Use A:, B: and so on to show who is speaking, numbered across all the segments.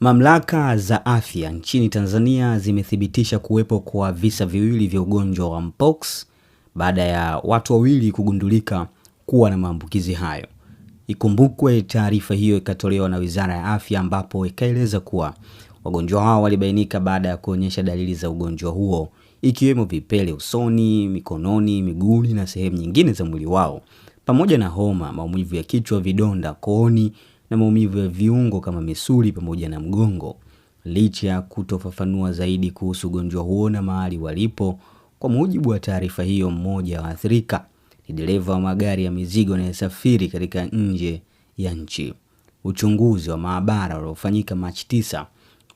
A: Mamlaka za afya nchini Tanzania zimethibitisha kuwepo kwa visa viwili vya ugonjwa wa mpox baada ya watu wawili kugundulika kuwa na maambukizi hayo. Ikumbukwe taarifa hiyo ikatolewa na Wizara ya Afya ambapo ikaeleza kuwa wagonjwa hao walibainika baada ya kuonyesha dalili za ugonjwa huo ikiwemo vipele usoni, mikononi, miguuni na sehemu nyingine za mwili wao pamoja na homa, maumivu ya kichwa, vidonda kooni na maumivu ya viungo kama misuli pamoja na mgongo. Licha ya kutofafanua zaidi kuhusu ugonjwa huo na mahali walipo, kwa mujibu wa taarifa hiyo, mmoja wa athirika ni dereva wa magari ya mizigo anayesafiri katika nje ya nchi. Uchunguzi wa maabara uliofanyika Machi 9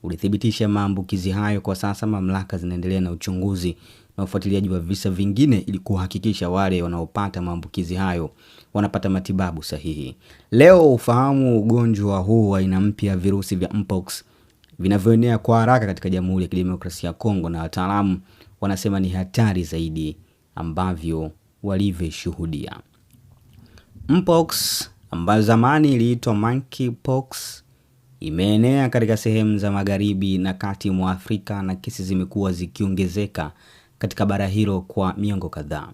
A: ulithibitisha maambukizi hayo. Kwa sasa mamlaka zinaendelea na uchunguzi na ufuatiliaji wa visa vingine ili kuhakikisha wale wanaopata maambukizi hayo wanapata matibabu sahihi. Leo ufahamu ugonjwa huu wa aina mpya virusi vya mpox vinavyoenea kwa haraka katika Jamhuri ya Kidemokrasia ya Kongo, na wataalamu wanasema ni hatari zaidi ambavyo walivyoshuhudia. Mpox ambayo zamani iliitwa monkeypox imeenea katika sehemu za magharibi na kati mwa Afrika na kesi zimekuwa zikiongezeka katika bara hilo kwa miongo kadhaa.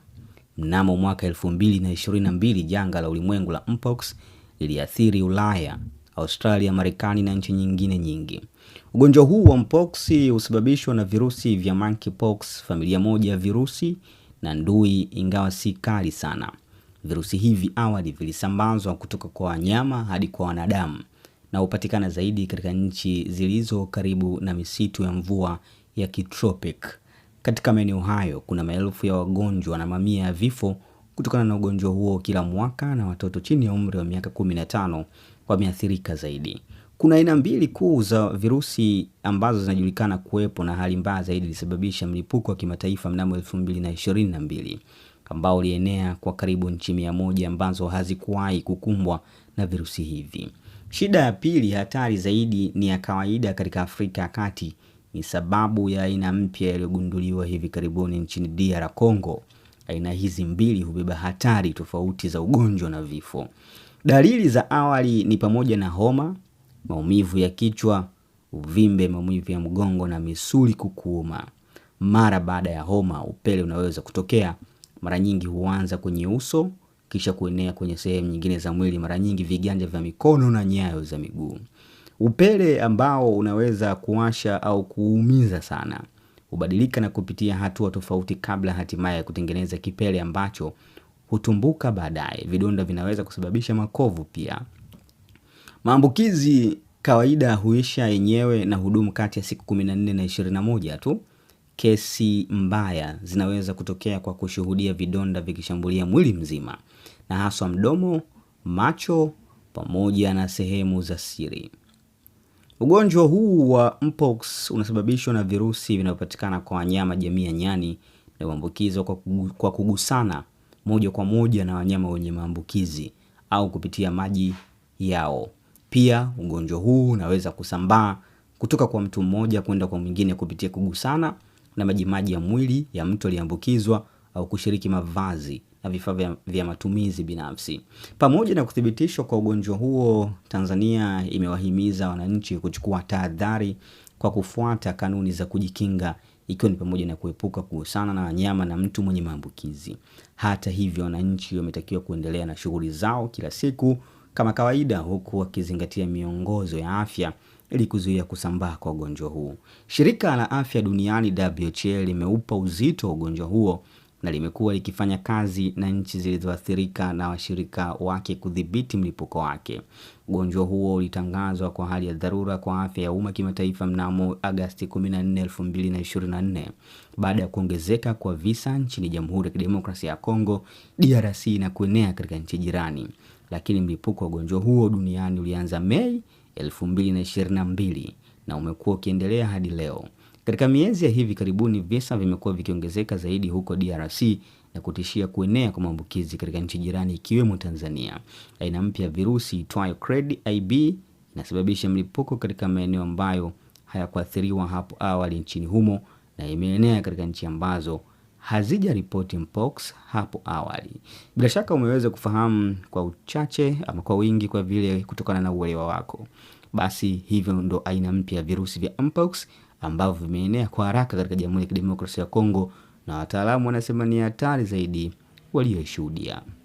A: Mnamo mwaka 2022 janga la ulimwengu la mpox liliathiri Ulaya, Australia, Marekani na nchi nyingine nyingi. Ugonjwa huu wa mpox husababishwa na virusi vya monkeypox, familia moja ya virusi na ndui, ingawa si kali sana. Virusi hivi awali vilisambazwa kutoka kwa wanyama hadi kwa wanadamu na hupatikana zaidi katika nchi zilizo karibu na misitu ya mvua ya kitropic. Katika maeneo hayo kuna maelfu ya wagonjwa na mamia ya vifo kutokana na ugonjwa huo kila mwaka, na watoto chini ya umri wa miaka 15 wameathirika zaidi. Kuna aina mbili kuu za virusi ambazo zinajulikana kuwepo na hali mbaya zaidi ilisababisha mlipuko wa kimataifa mnamo 2022 ambao ulienea kwa karibu nchi mia moja ambazo hazikuwahi kukumbwa na virusi hivi. Shida ya pili hatari zaidi ni ya kawaida katika Afrika ya Kati, ni sababu ya aina mpya iliyogunduliwa hivi karibuni nchini DR Congo. Aina hizi mbili hubeba hatari tofauti za ugonjwa na vifo. Dalili za awali ni pamoja na homa, maumivu ya kichwa, uvimbe, maumivu ya mgongo na misuli kukuuma. Mara baada ya homa, upele unaweza kutokea. Mara nyingi huanza kwenye uso, kisha kuenea kwenye sehemu nyingine za mwili, mara nyingi viganja vya mikono na nyayo za miguu. Upele ambao unaweza kuwasha au kuumiza sana hubadilika na kupitia hatua tofauti kabla hatimaye kutengeneza kipele ambacho hutumbuka baadaye. Vidonda vinaweza kusababisha makovu pia. Maambukizi kawaida huisha yenyewe na hudumu kati ya siku 14 na 21 tu. Kesi mbaya zinaweza kutokea kwa kushuhudia vidonda vikishambulia mwili mzima na haswa mdomo, macho pamoja na sehemu za siri. Ugonjwa huu wa mpox unasababishwa na virusi vinavyopatikana kwa wanyama jamii ya nyani na huambukizwa kwa kugusana moja kwa moja na wanyama wenye maambukizi au kupitia maji yao. Pia ugonjwa huu unaweza kusambaa kutoka kwa mtu mmoja kwenda kwa mwingine kupitia kugusana na majimaji ya mwili ya mtu aliyeambukizwa au kushiriki mavazi na vifaa vya, vya matumizi binafsi. Pamoja na kuthibitishwa kwa ugonjwa huo, Tanzania imewahimiza wananchi kuchukua tahadhari kwa kufuata kanuni za kujikinga ikiwa ni pamoja na kuepuka kuhusana na wanyama na mtu mwenye maambukizi. Hata hivyo, wananchi wametakiwa kuendelea na shughuli zao kila siku kama kawaida, huku wakizingatia miongozo ya afya ili kuzuia kusambaa kwa ugonjwa huu. Shirika la Afya Duniani WHO limeupa uzito wa ugonjwa huo na limekuwa likifanya kazi na nchi zilizoathirika na washirika wake kudhibiti mlipuko wake. Ugonjwa huo ulitangazwa kwa hali ya dharura kwa afya ya umma kimataifa mnamo Agasti 14, 2024 baada ya kuongezeka kwa visa nchini Jamhuri ya Kidemokrasia ya Kongo DRC na kuenea katika nchi jirani, lakini mlipuko wa ugonjwa huo duniani ulianza Mei 2022 na umekuwa ukiendelea hadi leo. Katika miezi ya hivi karibuni, visa vimekuwa vikiongezeka zaidi huko DRC na kutishia kuenea kwa maambukizi katika nchi jirani ikiwemo Tanzania. Aina mpya ya virusi itwayo CRED-IB inasababisha mlipuko katika maeneo ambayo hayakuathiriwa hapo awali nchini humo na imeenea katika nchi ambazo ripoti mpox hapo awali. Bila shaka umeweza kufahamu kwa uchache ama kwa wingi, kwa vile kutokana na uelewa wako, basi hivyo ndo aina mpya ya virusi vya mpox ambavyo vimeenea kwa haraka katika Jamhuri ya Kidemokrasia ya Kongo, na wataalamu wanasema ni hatari zaidi waliyoshuhudia.